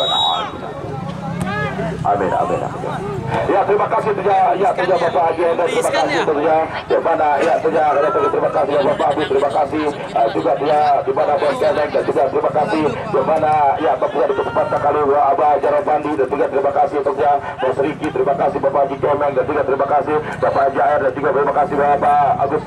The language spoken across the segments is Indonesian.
我打你一下 Amin, amin, amin. Ya terima kasih tuja, ya tuja Bapak Haji Hendra, terima kasih tuja. Di mana ya tuja, terima kasih ya Bapak Haji terima kasih uh, juga tuja di mana Bos Keneng dan juga terima kasih di mana ya Bapak di kasih. kali dua Abah Jarobandi dan juga terima kasih tuja Mas Riki, terima kasih Bapak Haji Keneng dan juga terima kasih Bapak Haji Air dan juga terima kasih Bapak Agus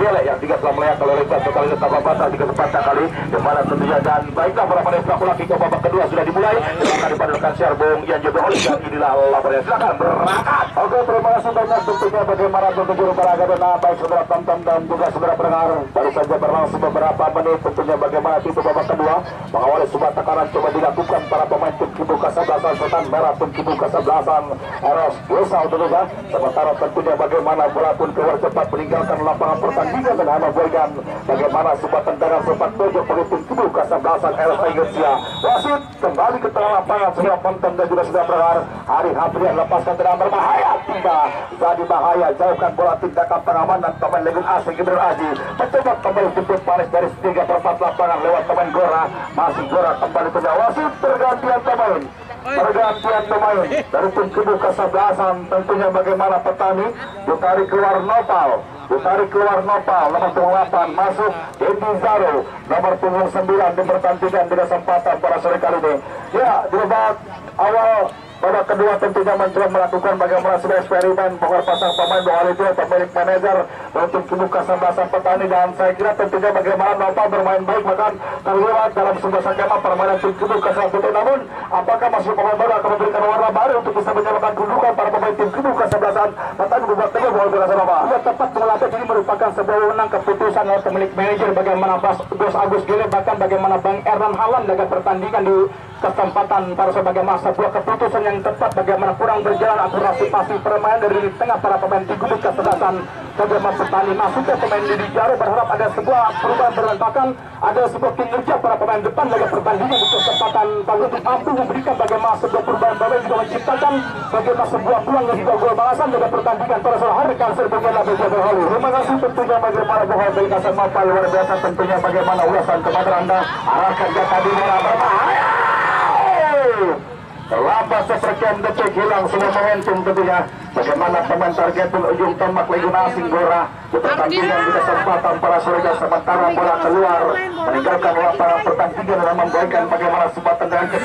Gele yang tiga telah melihat kalau lepas sekali ke tanpa batas di kesempatan kali di mana tentunya dan baiklah para peneliti lagi ke babak kedua sudah dimulai silakan dipadukan share Bung Ian Jebol inilah lapornya. Silakan berangkat. Oke, terima kasih banyak tentunya bagaimana untuk guru olahraga dan baik saudara tonton dan juga saudara pendengar. Baru saja berlangsung beberapa menit tentunya bagaimana itu babak kedua mengawali sebuah tekanan coba dilakukan para pemain tim Kibu Kasablasan setan Merah tim Kibu Kasablasan Eros Desa tentunya sementara tentunya bagaimana bola pun keluar cepat meninggalkan lapangan pertandingan dan Hana Boygan bagaimana sebuah tendangan sempat pojok oleh tim Kibu Kasablasan Eros Indonesia wasit kembali ke tengah lapangan sudah penonton dan juga sudah berangkat lebar Ari lepas lepaskan tendangan berbahaya tidak jadi bahaya jauhkan bola tindakan pengamanan pemain Legun Asing Ibrahim Aji mencoba kembali tutup Paris dari setiga perempat lapangan lewat pemain Gora masih Gora kembali ke wasit pergantian pemain pergantian pemain dari tim kubu kesebelasan tentunya bagaimana petani ditarik keluar Nopal ditarik keluar Nopal nomor punggung 8 masuk Edi Zaro nomor punggung 9 di pertandingan di pada sore kali ini ya di awal Babak kedua tentunya mencoba melakukan bagaimana sebuah eksperimen bahwa pasang pemain bahwa itu pemilik manajer untuk membuka kesebelasan petani dan saya kira tentunya bagaimana Nova bermain baik bahkan terlihat dalam sebuah skema permainan tim kubu ke-11 namun apakah masuk pemain baru akan memberikan warna baru untuk bisa menyelamatkan kedudukan para pemain tim kubu ke-11 petani membuat tengah bahwa bebas Nova ya tepat melatih ini merupakan sebuah wewenang keputusan oleh pemilik manajer bagaimana Bas Agus Agus Gile bahkan bagaimana Bang Erlan Halan dalam pertandingan di kesempatan para sebagai masa buat keputusan yang tepat bagaimana kurang berjalan akurasi pasif permainan dari tengah para pemain di gubuk sebagai bagaimana petani masuk ke pemain di jaro berharap ada sebuah perubahan berantakan ada sebuah kinerja para pemain depan dalam pertandingan untuk kesempatan baru untuk mampu memberikan bagaimana sebuah perubahan baru juga menciptakan bagaimana sebuah peluang dan juga gol balasan dalam pertandingan para seorang rekan serbuknya Nabi halu terima kasih tentunya bagaimana para Beli Kasar kesempatan luar biasa tentunya bagaimana ulasan kepada anda arah kerja tadi merah bertahan maju terlambat sepertian detik hilang semua momentum tentunya bagaimana teman target pun ujung tombak legenda Singgora. Gora di pertandingan di kesempatan para surga sementara bola keluar meninggalkan lapangan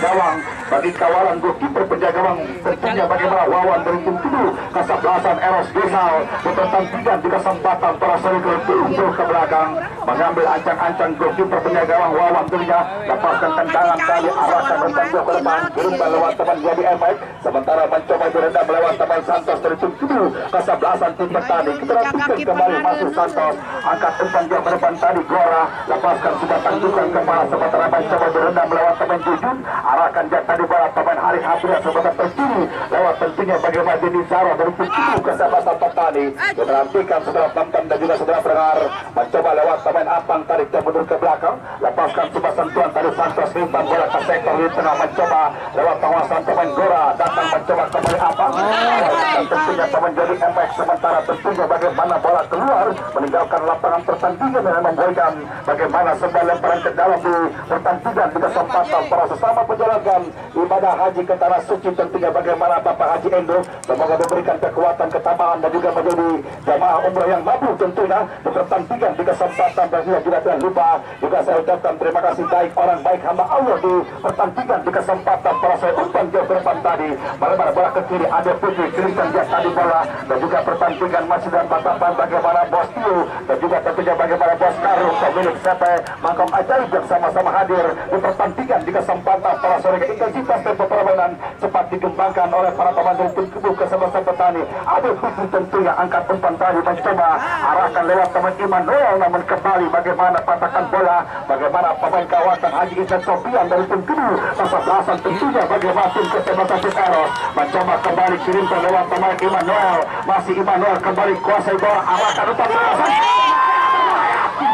gawang bagi kawalan kiper penjaga gawang tentunya bagaimana Wawan dari tim dulu kesebelasan Eros Gesal mempertandingkan di kesempatan para striker turun ke belakang mengambil ancang-ancang kiper penjaga gawang Wawan dirinya lepaskan tendangan kali arahkan rentang ke depan berubah lewat teman Gabi Efek sementara mencoba berendam melewat teman Santos terhitung dulu kesebelasan tim bertanding kita lanjutkan kembali masuk Santos angkat umpan jauh ke depan tadi Gora lepaskan sudah tangguhkan kepala sementara mencoba berendam melewat teman Jujun arahkan jatah di barat pemain Haris Hasriah sebentar tersini lewat tentunya bagaimana Dini Sarah berpikir kesempatan petani ah. menantikan saudara Pamkan dan juga saudara Pengar mencoba lewat pemain Apang tarik dan mundur ke belakang lepaskan sebuah sentuhan tadi Santos Rintan bola ke sektor di tengah mencoba lewat penguasaan pemain Gora datang mencoba kembali Apang dan ah. tentunya ah. pemain jadi MX sementara tentunya bagaimana bola keluar meninggalkan lapangan pertandingan dengan memboikan bagaimana sebuah lemparan ke dalam di pertandingan di kesempatan para sesama penjaga menjalankan ibadah haji ke tanah suci tentunya bagaimana Bapak Haji Endo semoga memberikan kekuatan ketabahan dan juga menjadi jamaah umrah yang mampu tentunya dipertandingkan di kesempatan dan juga tidak lupa juga saya ucapkan terima kasih baik orang baik hamba Allah di pertandingan di kesempatan para saya umpan jauh depan tadi mana-mana bola ke kiri ada putri kirimkan dia tadi bola dan juga pertandingan masih dan batapan bagaimana bos Tio dan juga tentunya bagaimana bos Karung pemilik CP Mangkong Ajaib yang sama-sama hadir di pertandingan di kesempatan para sore intensitas tempo permainan cepat dikembangkan oleh para pemain dari tim kubu kesebelasan petani ada Fikri tentu yang angkat umpan tadi mencoba arahkan lewat teman Immanuel namun kembali bagaimana patahkan bola bagaimana pemain kawasan Haji Isan Sofian dari tim kubu belasan tentunya bagaimana tim kesebelasan Bukaro mencoba kembali kirimkan lewat Iman Immanuel masih Immanuel kembali kuasa bola arahkan umpan bola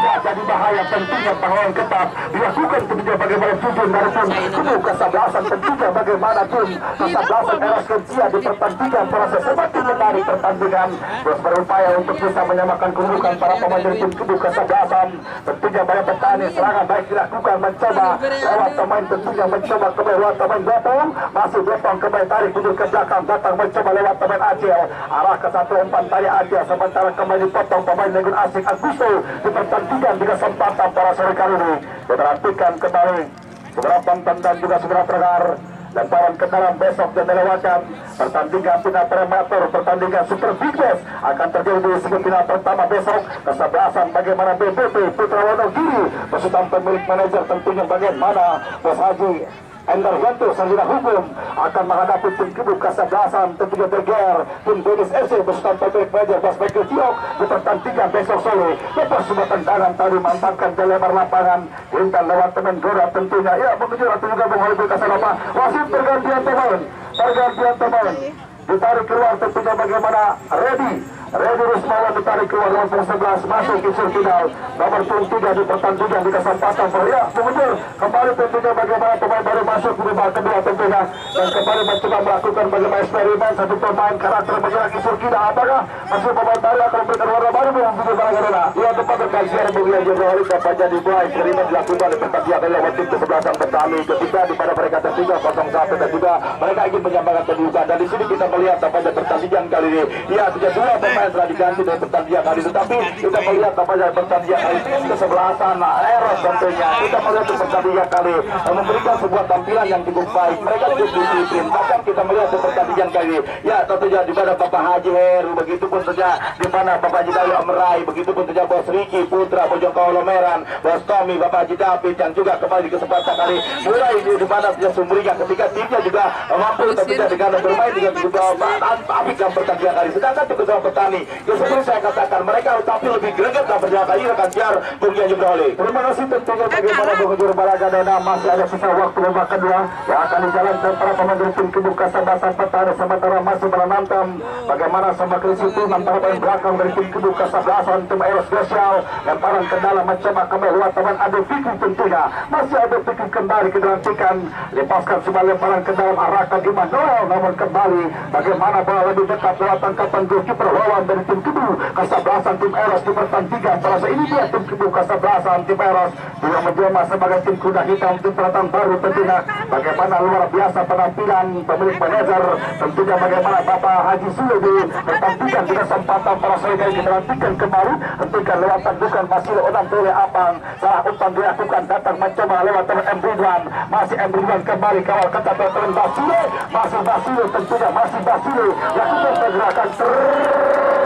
jadi bahaya tentunya pahlawan ketat dilakukan tentunya bagaimana jujur maupun penuh kesablasan tentunya bagaimana pun kesablasan eras kerja di pertandingan terasa semakin menarik pertandingan terus berupaya untuk bisa menyamakan kedudukan para iya, pemain iya, dari iya. tim kubu kesablasan tentunya banyak petani serangan baik dilakukan mencoba lewat pemain tentunya mencoba kembali lewat pemain belakang masih belakang kembali tarik mundur ke belakang datang mencoba lewat pemain Aceh arah ke satu umpan tarik Aceh sementara kembali potong pemain Negun Asik Agusto di perhatikan di kesempatan para sore kali ini diperhatikan kembali beberapa tendang juga segera terdengar lemparan kendaraan besok dan dilewatkan pertandingan final prematur pertandingan super big match. akan terjadi di semifinal pertama besok kesebelasan bagaimana BPP Putra Wonogiri besutan pemilik manajer tentunya bagaimana Bos Haji Endarwanto sarjana hukum akan menghadapi tim kubu kesebelasan tentunya bergelar tim Dennis FC besutan pemilik manajer Bas Michael Tiok di pertandingan besok sore lepas semua tendangan tadi mantapkan ke lapangan Intan lewat teman Gora tentunya ya menuju ratu juga menghadapi Kasanova wasit pergantian teman, pergantian teman, ditarik keluar tentunya bagaimana ready Redi Mala ditarik keluar nomor 11 masuk ke final nomor pun 3 di pertandingan di kesempatan Korea mengundur kembali tentunya bagaimana pemain baru masuk di babak kedua tentunya dan kembali mencoba melakukan bagaimana eksperimen satu pemain karakter menyerang kisur final apakah masih pemain baru akan memberikan warna baru belum di barang arena ia tempat terkajian mengenai Jokowi kampanye dibuat eksperimen dilakukan di pertandingan oleh wajib ke kesebelasan petani ketika di pada mereka tertinggal kosong satu dan juga mereka ingin menyambangkan kedudukan dan di sini kita melihat tampaknya pertandingan kali ini Ia sudah dua pemain yang telah diganti dari pertandingan kali ini. Tapi kita melihat apa yang pertandingan kali kesebelasan Eros tentunya. Kita melihat pertandingan kali memberikan sebuah tampilan yang cukup baik. Mereka cukup disiplin. Bahkan kita melihat di pertandingan kali ya tentunya di mana Bapak Haji Heru, begitu pun saja di mana Bapak Haji Dayo Amrai begitu pun saja Bos Riki Putra, Bojongkolo Lomeran, Bos Tommy, Bapak Haji David yang juga kembali kesempatan kali mulai di, di mana saja sumbernya ketika timnya juga mampu tidak dengan bermain dengan juga Pak Apik yang pertandingan kali. Sedangkan untuk kedua petani kami. justru saya katakan, mereka tapi lebih greget dan berjalan akan biar Bung juga oleh. Terima kasih tentunya bagaimana pengunjur Balaga Dona masih ada sisa waktu babak kedua yang akan dijalankan para pemain tim kebuka sabasa petara sementara masih menantang bagaimana sama krisis itu antara pemain belakang dari tim kebuka sabasa tim aero spesial lemparan ke dalam macam akan melihat teman ada Fikri tentunya masih ada Fikri kembali ke dalam tikan lepaskan sebalik lemparan ke dalam arahkan di Manuel namun kembali bagaimana bola lebih dekat lewat tangkapan goalkeeper lawan dari tim kedua Kasablasan tim Eros di pertandingan Selasa ini dia tim kedua Kasablasan tim Eros Dua menjelma sebagai tim kuda hitam tim pendatang baru tentunya Bagaimana luar biasa penampilan pemilik manajer Tentunya bagaimana Bapak Haji Sulubi Pertandingan di kesempatan para saudara yang diperhatikan kemarin Hentikan lewat tandukan masih orang boleh abang Salah utang dilakukan datang mencoba lewat teman M. Masih M. kembali kawal ketat oleh Masih Basile tentunya masih Basile Lakukan pergerakan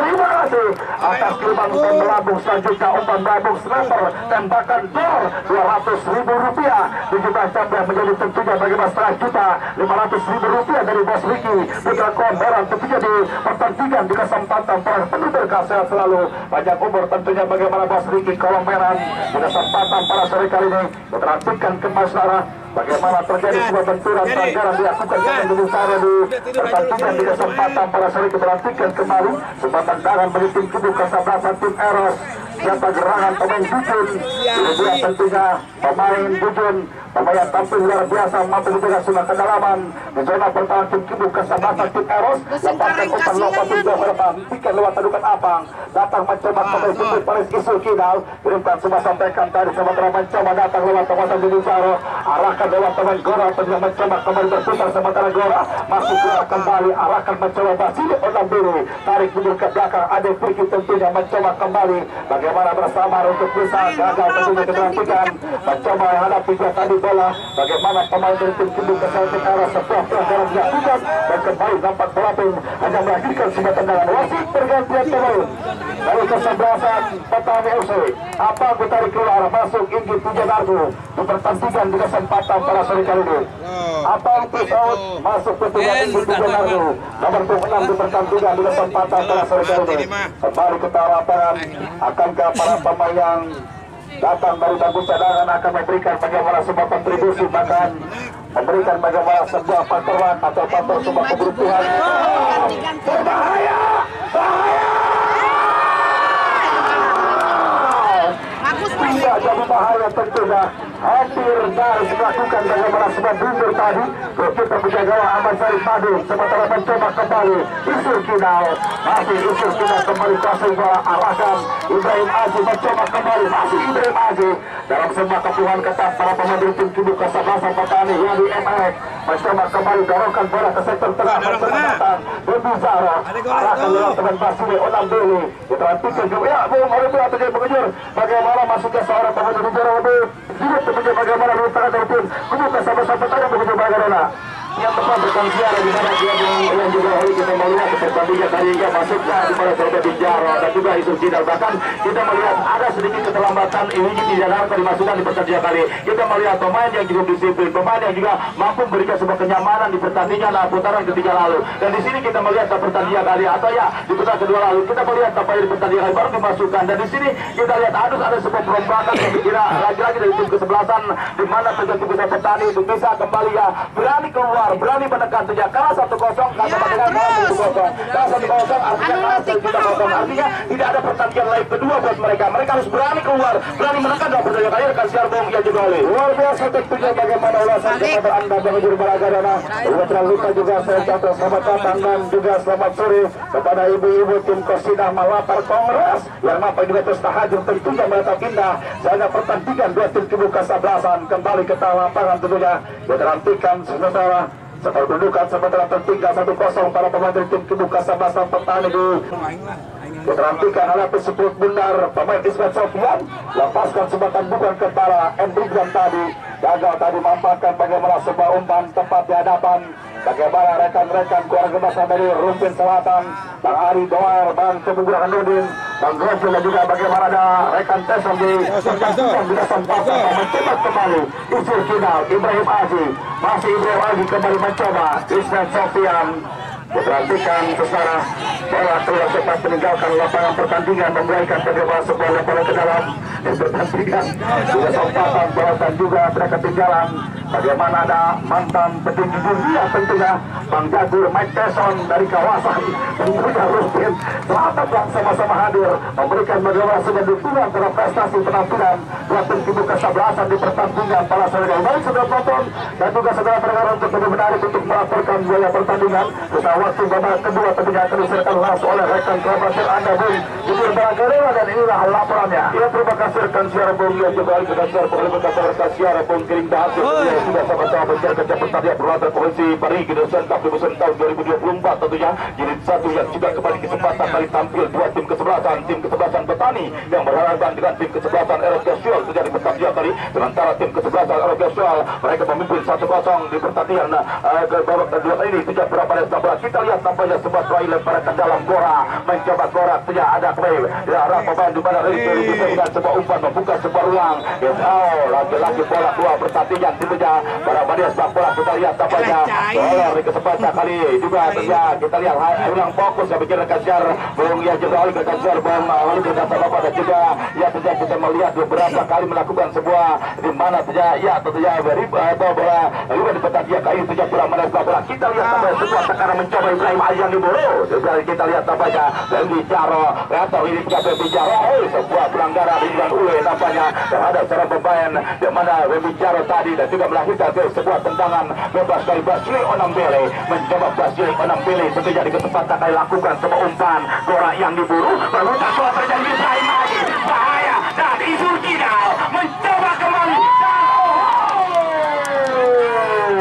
We were tadi atas gerbang pembelabung selanjutnya umpan babung sniper tembakan dor ratus ribu rupiah jam tanda menjadi tentunya bagi Mas juta 500 ribu rupiah dari Bos riki Putra Komberan tentunya di pertandingan di kesempatan perang penuh berkah selalu panjang umur tentunya bagaimana Bos riki kolom merah di kesempatan para seri kali ini memperhatikan ke arah bagaimana terjadi sebuah benturan pelanggaran dilakukan dengan dulu Saro di pertandingan di kesempatan para seri diperhatikan kemarin sebuah tantangan bagi tim kubu kasabasa tim eros siapa gerangan pemain bujun iya. kemudian tentunya pemain bujun Pemain tampil luar biasa mampu menjaga sungai kedalaman di zona pertahanan tim kibu kesabasa tim Eros lepaskan umpan lompat tim jauh depan tiket lewat tadukan abang datang mencoba pemain ah, tim ah. Paris Isu Kidal kirimkan semua sampaikan dari sementara mencoba datang lewat kawasan Juli Saro arahkan lewat teman Gora penyelam mencoba kembali berputar sementara Gora masih ah. Gora kembali arahkan mencoba Basile biri tarik mundur ke belakang ada Fikri tentunya mencoba kembali bagaimana bersama untuk bisa gagal tentunya keberhentikan mencoba menghadapi dia tadi mengambil bola bagaimana pemain dari tim Kidul kesal ke arah sebuah pelanggaran yang tugas dan kembali dapat pelapung hanya melahirkan sebuah tendangan wasit pergantian pemain dari kesebelasan petani FC apa tarik keluar masuk Inggi Pujanardu dipertentikan di kesempatan pada sore kali ini apa itu out masuk ke ketugas Inggi Pujanardu nomor 26 dipertentikan di kesempatan pada sore kali ini kembali ke arah akankah para pemain yang datang dari bagus cadangan akan memberikan bagaimana sebuah kontribusi bahkan memberikan bagaimana sebuah patroan atau patroan sebuah kebutuhan berbahaya bahaya tidak jadi bahaya tentunya hampir nyaris melakukan bagaimana sebuah mundur tadi keeper penjaga Ahmad Sarif Madu sementara mencoba kembali Isur Kinal masih Isur Kinal kembali kasih bola arahkan Ibrahim Aziz mencoba kembali masih Ibrahim Aziz dalam semua kepuhan ketat para pemain tim kubu Kasabasa Petani yang di MS Mahkamah kembali dorongkan bola ke sektor tengah Pertemuan datang Berbizara Arahkan dorong teman Basile Olam Dewi Kita nanti ke Jum Ya, Bum Oleh itu atau pengejur Bagaimana masuknya seorang pengejur di Jero Lebih Hidup pengejur bagaimana Lalu tangan dari tim Kujur ke sama-sama Tanya pengejur bagaimana yang tepat bertanding di mana dia yang juga oleh kita melihat pertandingan tadi hingga masuknya kepada saudara Bijaro dan juga itu Jidal bahkan kita melihat ada sedikit keterlambatan ini Iwiji Tijanarko dimasukkan di pertandingan kali kita melihat pemain yang cukup disiplin pemain yang juga mampu memberikan sebuah kenyamanan di pertandingan ah, putaran ketiga lalu dan di sini kita melihat ah, pertandingan kali atau ya di putaran kedua lalu kita melihat apa yang di pertandingan kali baru dimasukkan dan di sini kita lihat harus ada sebuah perombakan yang kira lagi-lagi dari tim kesebelasan di mana penjaga petani untuk bisa kembali ya berani keluar Makassar berani menekan sejak kalah 1-0 kalah ya, sama dengan kalah 1-0 kalah 1-0 artinya anu kalah artinya tidak ada pertandingan lain kedua buat mereka mereka harus berani keluar berani menekan dalam pertandingan terakhir rekan siar Bong ya juga oleh luar biasa tentunya bagaimana ulasan kepada anda bagi juru balaga dana Lutra Luka juga saya catat selamat datang dan juga selamat sore kepada ibu-ibu tim Kosinah Malapar Kongres yang apa juga terus tahajud tentunya mereka pindah. sehingga pertandingan dua tim kubu kasablasan kembali ke lapangan tentunya kita nantikan sementara setelah dudukan sementara tertinggal satu 0 para pemain dari tim kebuka sama-sama petani di Keterampikan alat tersebut benar pemain Ismet Sofian lepaskan sembatan bukan kepala Endrigan tadi gagal tadi mampakan bagaimana sebuah umpan tempat di hadapan bagaimana rekan-rekan keluarga besar dari Rumpin Selatan, Bang Ari Doer, Bang Sebugur Hanudin, Bang Gosil dan juga bagaimana ada rekan Tesson di pertandingan di Tesson pasar mencetak kembali usul final Ibrahim Aji. masih Ibrahim Aji kembali mencoba Ismail Sofian diperhatikan secara bola keluar cepat meninggalkan lapangan pertandingan memberikan kebebasan sebuah bola ke dalam pertandingan sudah sempatan, bola juga tidak ketinggalan Bagaimana ada mantan petinggi dunia tentunya Bang Jagur Mike Tyson dari kawasan Tentunya Rumpin Selamat datang sama-sama hadir Memberikan bagaimana sebagai dukungan terhadap prestasi penampilan Latin Timur Kesabelasan di pertandingan para saudara Baik sudah penonton dan juga saudara pendengar untuk lebih menarik untuk melaporkan biaya pertandingan Kita waktu babak kedua tentunya akan diserahkan langsung oleh rekan kolaborator Anda Bung Jumur Barakarela dan inilah laporannya Ya terima kasih rekan siar Bung Ya juga rekan siar Bung Rekan siar Bung Kering sudah sama-sama menjaga jabatan yang berlatar provinsi Parigi dan Sentap di musim tahun 2024 tentunya jadi satu yang sudah kembali kesempatan kali tampil dua tim kesebelasan tim kesebelasan petani yang berhadapan dengan tim kesebelasan Eros Casual terjadi pertandingan tadi sementara tim kesebelasan Eros Casual mereka memimpin satu kosong di pertandingan eh, ke babak kedua ini sejak berapa dari sebelah kita lihat tampaknya sebuah serai lemparan ke dalam Gora mencoba Gora tidak ada kembali ya Rafa di mana ini dengan sebuah umpan membuka sebuah ruang yes, oh lagi-lagi bola dua pertandingan tentunya saja barangkali sepak bola kita lihat tampaknya oleh di kesempatan kali juga saja kita lihat kurang fokus yang bikin Kajar belum ya juga oleh Kajar belum oleh uh, ternyata Bapak dan juga ya saja kita melihat beberapa kali melakukan sebuah di mana saja ya tentunya beri uh, atau bola juga di petak ya kayu saja kurang mana bola kita lihat sampai ah. sebuah tekanan mencoba Ibrahim yang diburu, juga kita lihat tampaknya dan bicara atau ini kita bicara oh sebuah pelanggaran ringan ule tampaknya terhadap seorang pemain yang mana berbicara tadi dan juga kita Hitabe sebuah tendangan bebas dari Basri Onambele menjawab Basri Onambele tentunya di kesempatan yang lakukan sebuah umpan gorak yang diburu lalu tak kuat terjadi Ibrahim lagi bahaya dan itu tidak mencoba kembali dan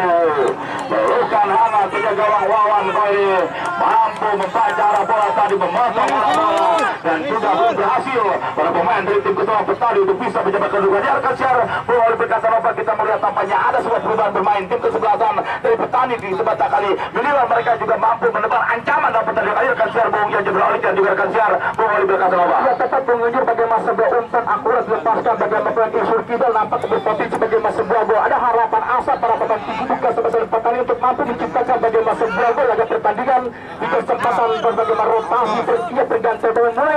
oh, melukan hangat penjaga gawang Wawan Koiri mampu membaca arah bola tadi memotong bola dan juga belum berhasil para pemain dari tim kesama Betawi untuk bisa menjabat kedudukan di siar bola oleh perkasa kita melihat tampaknya ada sebuah perubahan bermain tim kesebelasan dari petani di sebata kali minimal mereka juga mampu menebar ancaman dalam pertandingan kali siar bohong yang juga dan juga siar bola oleh perkasa Nova ya tetap mengunjur bagaimana sebuah umpan akurat lepaskan bagaimana pemain Isur Kidal nampak berpotensi bagaimana sebuah bola ada harapan asa para pemain juga sebesar petani untuk mampu menciptakan bagaimana sebuah gol agar pertandingan di kesempatan berbagai rotasi tergantung pemain mulai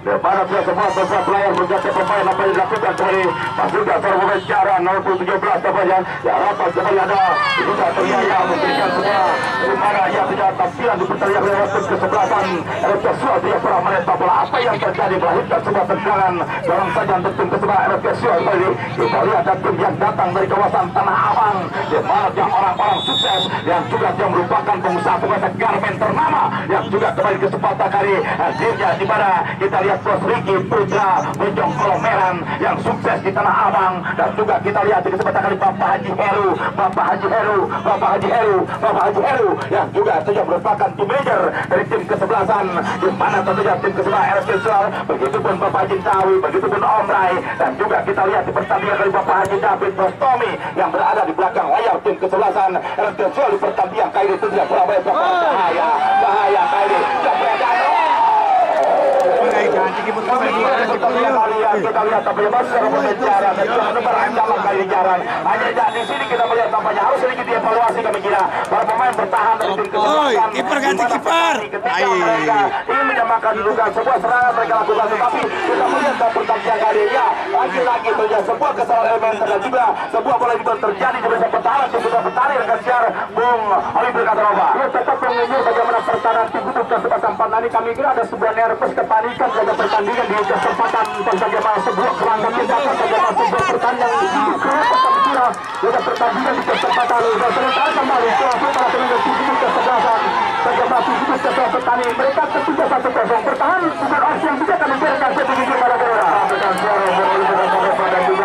Di mana semua tempat layar berjata pemain apa yang dilakukan kembali tidak serbu secara 017 tampaknya yang rapat kembali ada kita terlihat memberikan semua di mana yang tidak tampilan di pertandingan lewat sebelasan RFK Suat yang pernah menetap bola apa yang terjadi melahirkan sebuah tegangan dalam sajian tim kesebelah RFK Suat kembali kita lihat ada tim yang datang dari kawasan Tanah Abang di mana yang orang-orang sukses yang juga yang merupakan pengusaha-pengusaha garmen ternama yang juga kembali kesempatan kali akhirnya di mana kita lihat lihat Bos Riki Putra Bojong Kolomeran yang sukses di Tanah Abang dan juga kita lihat di kesempatan kali Bapak Haji Heru Bapak Haji Heru Bapak Haji Heru Bapak Haji Heru yang juga tentunya merupakan tim leader dari tim kesebelasan di mana tentunya tim kesebelas RS Kisual begitupun Bapak Haji Tawi begitupun Om Rai dan juga kita lihat di pertandingan kali Bapak Haji David Bos Tommy, yang berada di belakang layar tim kesebelasan RS Kisual di pertandingan kali ini tentunya Surabaya Bapak bahaya bahaya kali ini kita lihat bebas secara berbicara dan jangan berancaman kali jarang. Hanya di sini kita melihat tampaknya harus sedikit dievaluasi kami kira para pemain bertahan dari tim kesempatan. Kiper ganti kiper. Ketika mereka ingin menyamakan dudukan sebuah serangan mereka lakukan tetapi kita melihat pertandingan kali ya lagi-lagi terjadi sebuah kesalahan elementer dan juga sebuah bola itu terjadi di masa pertahanan yang sudah bertahan dengan siar Bung Habib Katarova. Dia tetap mengunyur bagaimana pertahanan tim Guduk Kesempatan Pandani kami kira ada sebuah nervous kepanikan jaga pertahanan Kan pertandingan di kesempatan terjadi sebuah kerangka tindakan terjadi sebuah pertandingan kerangka kira dengan pertandingan di kesempatan serentak kembali selasa para penenggak tujuh kesebelasan terjadi tujuh kesebelasan petani mereka tertuju satu kosong bertahan bukan opsi yang tidak akan membiarkan satu pada Gelora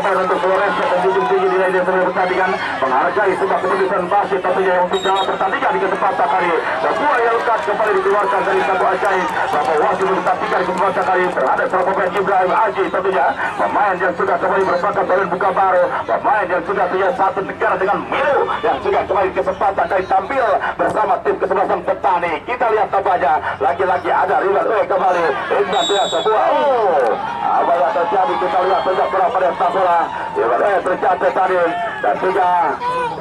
kesempatan untuk Flores menjunjung tinggi nilai dasar pertandingan menghargai sebuah keputusan wasit tentunya yang untuk dalam pertandingan di kesempatan kali sebuah yang lekat kembali dikeluarkan dari satu ajaib bahwa wasit menetapkan kesempatan kali terhadap seorang pemain Ibrahim Aji tentunya pemain yang sudah kembali merupakan pemain buka baru pemain yang sudah punya satu negara dengan Milo yang sudah kembali kesempatan kali tampil bersama tim kesebelasan petani kita lihat tampaknya lagi-lagi ada rival Uwe kembali Indra sebuah oh terjadi kita lihat sejak berapa dia sepak bola ULS terjadi tadi dan juga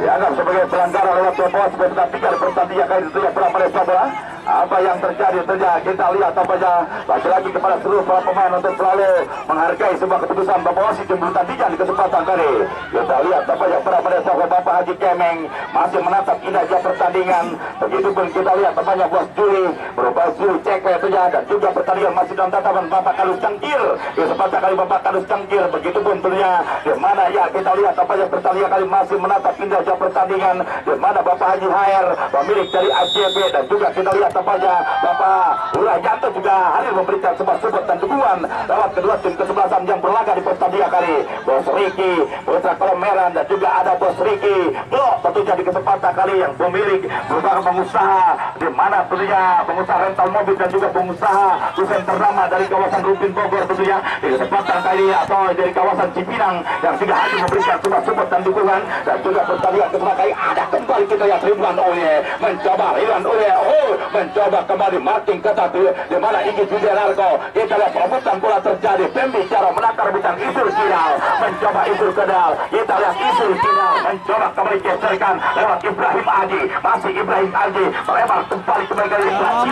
dianggap sebagai pelanggaran lewat bos berita tiga di pertandingan kali itu sejak berapa dia sepak bola apa yang terjadi saja kita lihat saja lagi-lagi kepada seluruh para pemain untuk selalu menghargai sebuah keputusan Bawaslu jemput tandingan di kesempatan kali kita lihat yang para pendeta sahabat Bapak Haji Kemeng masih menatap indahnya pertandingan begitupun kita lihat tampaknya Bos Juli berupa Juli cek saja dan juga pertandingan masih dalam tatapan Bapak Kalus Cangkir di kesempatan kali Bapak Kalus Cangkir begitupun tentunya di mana ya kita lihat yang pertandingan kali masih menatap indahnya pertandingan di mana Bapak Haji Hair pemilik dari ACB dan juga kita lihat tampaknya Bapak Wirayanto juga hadir memberikan sebuah support dan dukungan lewat kedua tim kesebelasan yang berlaga di Postadia kali Bos Riki, Putra Kolomeran dan juga ada Bos Riki Blok tentunya di kesempatan kali yang pemilik merupakan pengusaha di mana tentunya pengusaha rental mobil dan juga pengusaha dosen ternama dari kawasan Rubin Bogor tentunya di kesempatan kali atau dari kawasan Cipinang yang juga hadir memberikan sebuah support dan dukungan dan juga pertandingan kesempatan kali ada kembali kita hidayat Ridwan oleh mencoba Ridwan oleh oh mencoba kembali Martin tetapi di mana ingin Wijayanarko Largo kita lihat perebutan bola terjadi pembicara menakar bintang Isur Sinal mencoba Isur Kedal kita lihat Isur Sinal mencoba kembali geserkan lewat Ibrahim Aji masih Ibrahim Aji melebar kembali kembali dari Ibrahim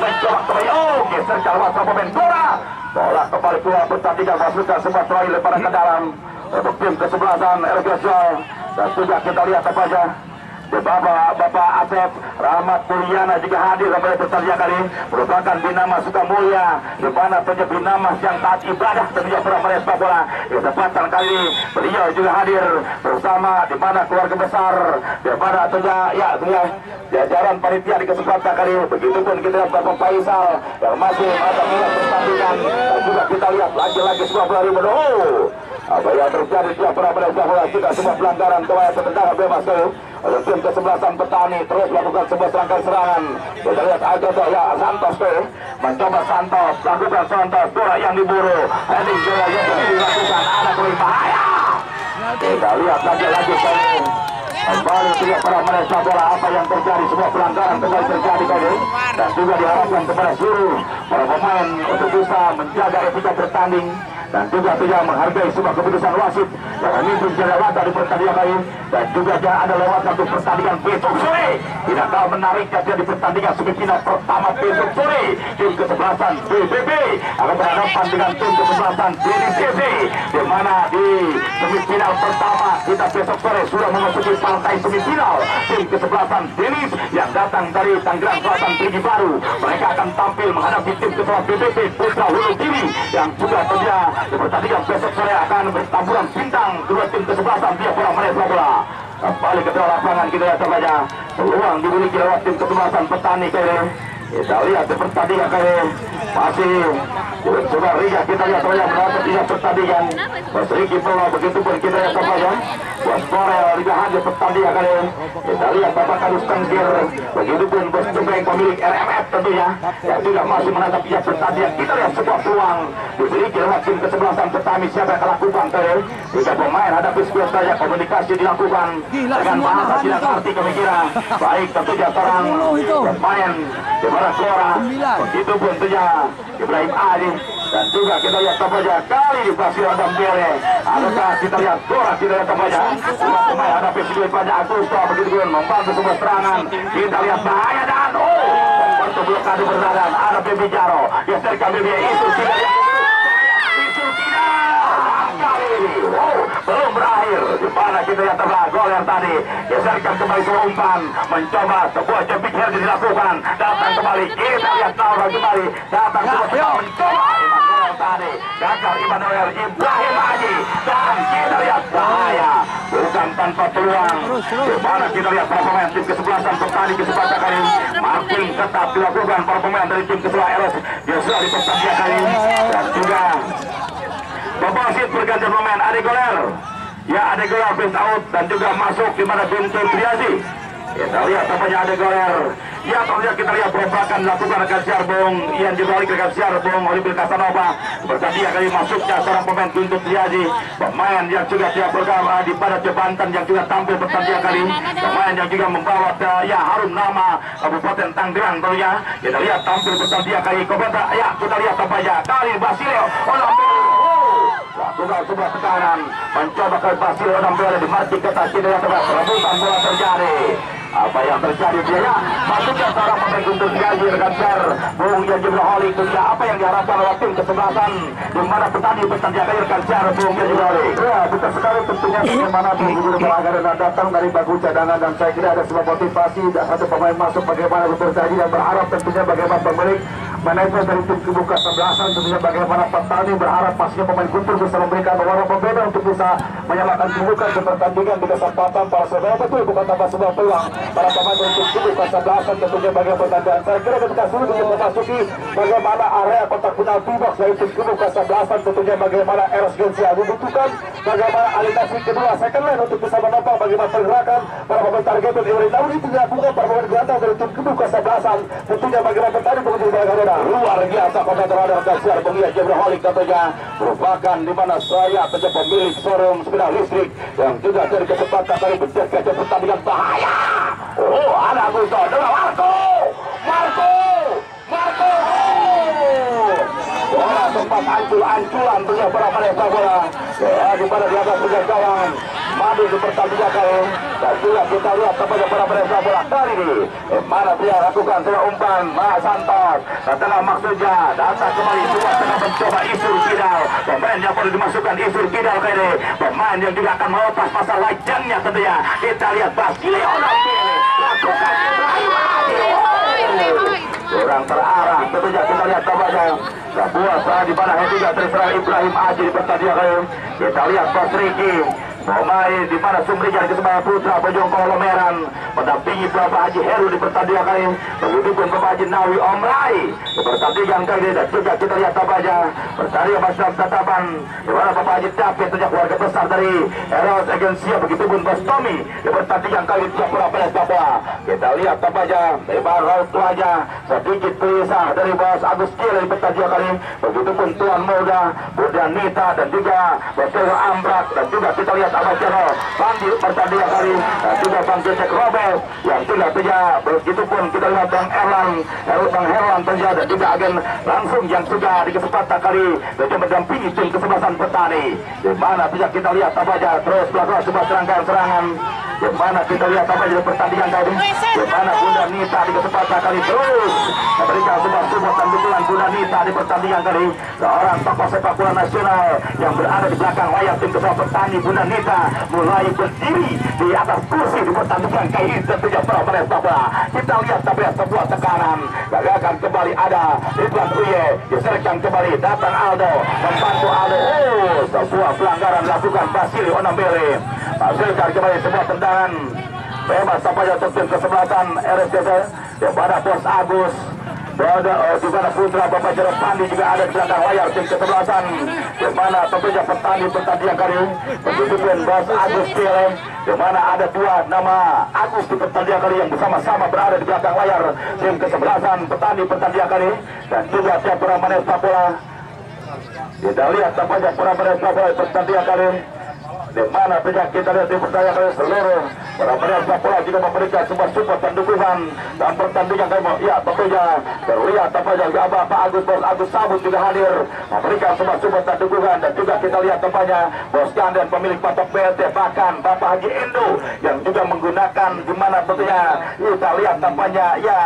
mencoba kembali oh geserkan lewat pemain bola bola kembali keluar pertandingan masukkan semua terakhir lebaran ke dalam untuk tim kesebelasan RGSL dan sudah kita lihat apa saja Bapak Bapak Asep Rahmat Mulyana juga hadir kepada peserta kali merupakan binama suka mulia di mana binama yang taat ibadah tentunya pernah meraih sepak bola di kesempatan kali ini beliau juga hadir bersama di mana keluarga besar di mana tentunya ya tentunya ya, jajaran panitia di kesempatan kali ini begitu pun kita lihat Bapak Faisal yang masih ada minat pertandingan dan juga kita lihat lagi-lagi sepak bola di oh, apa yang terjadi tidak pernah meraih sepak bola kita semua pelanggaran kemarin sebentar bebas tuh ada tim kesebelasan petani terus melakukan sebuah serangkaian serangan. Kita lihat Agatha ya Santos tuh mencoba Santos, lakukan Santos, bola yang diburu. Ini juga yang dilakukan ada berbahaya. Kita lihat lagi-lagi pemain. Kembali tidak pernah mereka bola apa yang terjadi sebuah pelanggaran kembali terjadi tadi dan juga diharapkan kepada seluruh para pemain untuk bisa menjaga etika bertanding dan juga tidak menghargai semua keputusan wasit yang memimpin jerawat dari pertandingan lain dan juga jangan ada lewat satu pertandingan besok sore tidak tahu menarik dia di pertandingan semifinal pertama besok sore tim kesebelasan BBB akan berhadapan dengan tim kesebelasan BDCC di mana di semifinal pertama kita besok sore sudah memasuki partai semifinal tim kesebelasan Denis yang datang dari Tanggerang Selatan Tinggi Baru mereka akan tampil menghadapi tim kesebelasan BBB Putra Hulu Kiri yang juga terlihat dipertandingan besok sore akan bertaburan bintang dua tim kesebelasan dia pulang mereka bola kembali ke dalam lapangan kita lihat saja peluang dimiliki oleh tim kesebelasan petani kere kita lihat di pertandingan kere masih sudah Riga kita lihat saja berapa tiga pertandingan Berseriki Polo begitu pun kita lihat apa ya Bos Borel Riga hadir pertandingan kali kita lihat Bapak Kadus Tengkir begitu pun Bos Jumeng pemilik RMF tentunya yang juga masih menatap tiga pertandingan kita lihat sebuah peluang diberikan oleh tim kesebelasan petani siapa yang lakukan kali tiga pemain ada bisnis saja komunikasi dilakukan dengan bahasa tidak arti kemikiran baik tentunya terang pemain di mana suara begitu pun tentunya Hendra Ibrahim Ali dan juga kita lihat tampaknya kali ini Basir Adam Bere adakah kita lihat Dora kita lihat tampaknya dua pemain hadapi penyelidikannya Agusta begitu pun membantu semua serangan kita lihat bahaya dan oh waktu blokade berdadan ada Bibi Jaro geser kami itu tidak belum berakhir di mana kita yang terlalu gol yang tadi geserkan kembali ke umpan mencoba sebuah jepit yang dilakukan datang kembali kita lihat Naura kembali datang ya, sebuah mencoba Immanuel tadi gagal Immanuel Ibrahim Haji dan kita lihat bahaya bukan tanpa peluang di mana kita lihat para pemain tim kesebelasan kembali kesempatan kali makin tetap dilakukan para pemain dari tim kesebelah Eros Yosua di pertandingan kali dan juga wasit bergantian pemain Ade Goler. Ya Ade Goler face out dan juga masuk di mana Bintu Triasi. Ya, ya, kita lihat tampaknya Ade Goler. Ya terlihat kita lihat berobakan lakukan rekan bong yang dibalik rekan Siarbong oleh Bil Casanova. Bertadi akan masuknya seorang pemain Bintu Triasi. Pemain yang juga siap bergabung ah, di pada Jebantan yang juga tampil pertandingan kali. Pemain yang juga membawa ya harum nama Kabupaten tanggerang, tentunya. Kita lihat tampil pertandingan kali. Kobata ya kita lihat tampaknya kali Basilio oh, juga sebuah tekanan mencoba ke Basir enam bola di mati ke kini yang tebas rebutan bola terjadi apa yang terjadi dia ya ke seorang pemain guntur sekali rekan Jar Bung holi itu ya apa yang diharapkan oleh tim kesebelasan di mana petani pekerja kaya rekan Jar Bung Yajib holi ya kita sekali tentunya iya. bagaimana pemain olahraga dan datang dari bagu cadangan dan saya kira ada sebuah motivasi dan satu pemain masuk bagaimana bekerja dan berharap tentunya bagaimana pemilik manajer dari tim kebuka sebelasan tentunya bagaimana petani berharap pastinya pemain Guntur bisa memberikan warna pembeda untuk bisa menyalakan kebuka ke pertandingan di kesempatan para saudara betul bukan tanpa sebuah peluang para pemain dari tim kebuka sebelasan tentunya bagaimana pertandingan saya kira ketika sulit untuk memasuki bagaimana area kotak penalti box dari tim kebuka sebelasan tentunya bagaimana Eros Gensia dibutuhkan bagaimana alinasi kedua second line untuk bisa menopang bagaimana pergerakan para pemain target dari Ibrahim namun itu dilakukan para pemain gelandang dari tim kebuka sebelasan tentunya bagaimana petani mengunjungi bagaimana luar biasa pada terhadap dasar pemilik Jebraholic tentunya merupakan di mana saya sebagai pemilik showroom sepeda listrik yang juga dari kesempatan kali menjaga jemputan dengan bahaya oh ada Gusto dengan Marco Marco Marco bola sempat ancul-anculan punya para pada bola ya, di mana di atas punya gawang maju ke pertandingan dan juga kita lihat kepada para pemain bola kali ini eh, mana dia lakukan sebuah umpan Mas Santos setelah maksudnya datang kembali semua tengah mencoba Isur Kidal pemain yang perlu dimasukkan Isur Kidal kali pemain yang juga akan melepas masa lajangnya tentunya kita lihat Basilio Nampil lakukan Ibrahim kurang terarah tentunya kita lihat tampaknya sebuah saat di mana juga terserah Ibrahim Aji di pertandingan kita lihat Pas Riki Pemain di mana Sumrijar Kesebaya Putra Bojong Kolomeran mendampingi Bapak Haji Heru di pertandingan kali ini mendukung Bapak Haji Nawi Omrai di pertandingan kali ini dan juga kita lihat apa aja pertandingan Masyarakat Tatapan di mana Bapak Haji Tapi sejak warga besar dari Eros Agensia begitu pun Bos Tommy di pertandingan kali ini Japura Peles Papua kita lihat apa aja dari Barol Tuaja sedikit gelisah dari Bos Agus Kiel di pertandingan kali ini begitu pun Tuan Muda Bunda Nita dan juga Bos Ambrak dan juga kita lihat nasional bangkit pertandingan kali sudah eh, bangkit cek robel yang sudah tidak begitu pun kita lihat Bang Erlang eh, Bang Herlan Penjada juga agen langsung yang sudah di kesempatan kali untuk mendampingi tim kesebelasan petani di mana bisa kita lihat apa aja terus melakukan sebuah serangan serangan yang mana kita lihat apa jadi pertandingan tadi di mana Bunda Nita di kesempatan kali terus Memberikan sebuah sebuah tampilan Bunda Nita di pertandingan kali Seorang tokoh sepak bola nasional Yang berada di belakang layar tim kedua petani Bunda Nita Mulai berdiri di atas kursi di pertandingan kali Tentunya para pemain bola Kita lihat tapi sebuah tekanan Gagakan kembali ada Ridwan Uye Diserahkan kembali datang Aldo Membantu Aldo Oh sebuah pelanggaran dilakukan Basili Onambele hasilkan kembali sebuah tendangan bebas sampai jatuh tim kesebelasan RSCC kepada ya, Pos Agus oh, di mana Putra Bapak Jero Pandi juga ada di belakang layar tim kesebelasan di mana tentunya petani petani yang kali berdisiplin Bos Agus Pilem di mana ada dua nama Agus di yang kali yang bersama-sama berada di belakang layar tim kesebelasan petani yang kali dan juga Tiap orang Sepak Bola kita lihat tampaknya Pramana Sepak Bola yang kali di mana pihak kita lihat dipercaya oleh seluruh para pihak sepak bola juga memberikan semua support dan dukungan dan pertandingan demo ya tentunya terlihat apa yang Pak Agus Bos Agus Sabut juga hadir memberikan semua support dan dukungan dan juga kita lihat tempatnya Bos Gan dan pemilik patok PT bahkan Bapak Haji Indo yang juga menggunakan gimana tentunya kita lihat tempatnya ya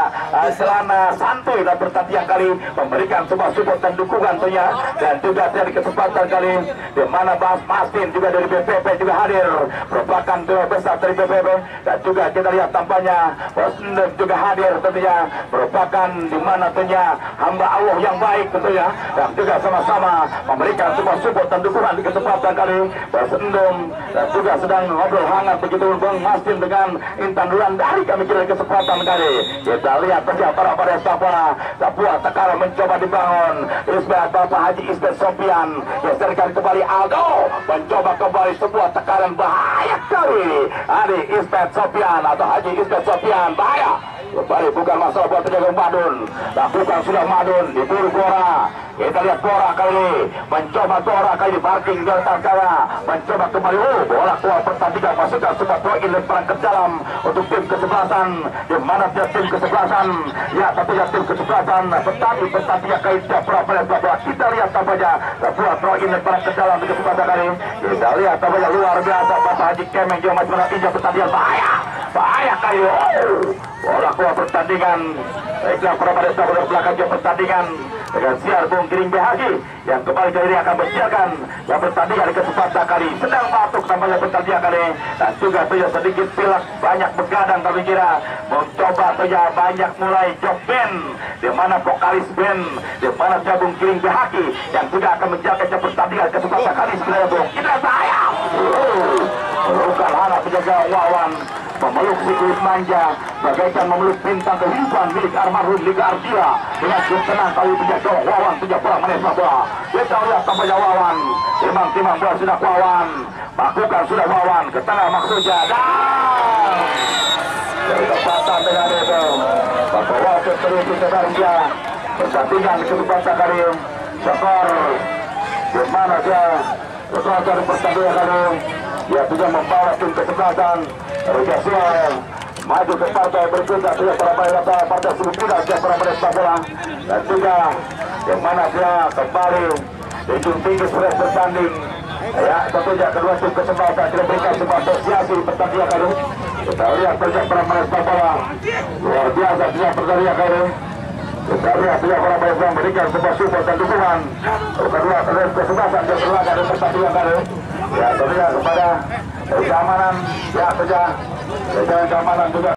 selana eh, santuy dan pertandingan kali memberikan semua support dan dukungan tentunya dan juga dari kesempatan kali di mana Mas Mastin juga dari BP BPP juga hadir merupakan dua besar dari PPB dan juga kita lihat tampaknya Bosendem juga hadir tentunya merupakan di mana tentunya hamba Allah yang baik tentunya dan juga sama-sama memberikan sebuah support dan dukungan di kesempatan kali Bosendem dan juga sedang ngobrol hangat begitu Bang Masjid dengan Intan Duran dari kami kira kesempatan kali kita lihat tentunya para para siapa Sapua sekarang mencoba dibangun Isbat Bapak Haji Isbat Sofian geserkan kembali Aldo mencoba kembali sebuah tekanan bahaya sekali. Adik Ispet Sopian atau Haji Ispet Sopian bahaya. Kembali bukan masalah buat penjaga Madun. Lakukan sudah Madun di Gora. Kita lihat Gora kali ini. Mencoba Gora kali parking di atas tangkara. Mencoba kembali. Oh, bola keluar pertandingan. Masukkan sebuah poin lemparan ke dalam untuk tim kesebelasan. Di mana dia tim kesebelasan? Ya, tapi ya tim kesebelasan. Tetapi pertandingan kali tidak pernah melihat Kita lihat tampaknya sebuah poin lemparan ke dalam di kesempatan kali. Kita lihat tampaknya luar biasa. Pak Haji Kemeng juga masih menang pertandingan bahaya. Bahaya kayu. Bola keluar pertandingan. Baiklah para desa yang belakang jam pertandingan dengan siar Bung Giring Behagi yang kembali kali ini akan menyiarkan yang pertandingan ke kesempatan kali sedang masuk tambahnya pertandingan kali dan juga Toyo sedikit pilak banyak begadang kami kira mencoba Toyo banyak mulai job band di mana vokalis band di mana siar Bung Giring Behagi yang tidak akan menjaga jam pertandingan kesempatan kali sebenarnya Bung kita sayang bukan harap menjaga wawan memeluk siklus manja bagaikan memeluk bintang kehidupan milik armarhum Liga Ardia dengan tenang kali penjaga wawan sejak pulang manis bola kita lihat kepada wawan timang-timang bola sudah wawan lakukan sudah wawan ke tengah maksudnya dan kesempatan dengan itu, Bapak Wasit terus kita saja pertandingan kesempatan Karim skor di mana dia kekuatan pertandingan ini, dia sudah membawa tim kesempatan Joshua maju ke partai berikutnya sudah terbaik rata partai Filipina Jafar Mendes Magelang dan juga yang mana dia kembali di tinggi sudah bertanding ya tentunya kedua tim kesempatan kita berikan sebuah asosiasi pertandingan kali kita lihat kerja para Mendes Magelang luar biasa dia pertandingan kali kita lihat dia para Mendes memberikan sebuah support dan dukungan kedua kedua kesempatan dia berlaga di pertandingan kali ya tentunya kepada keamanan ya kerja keamanan juga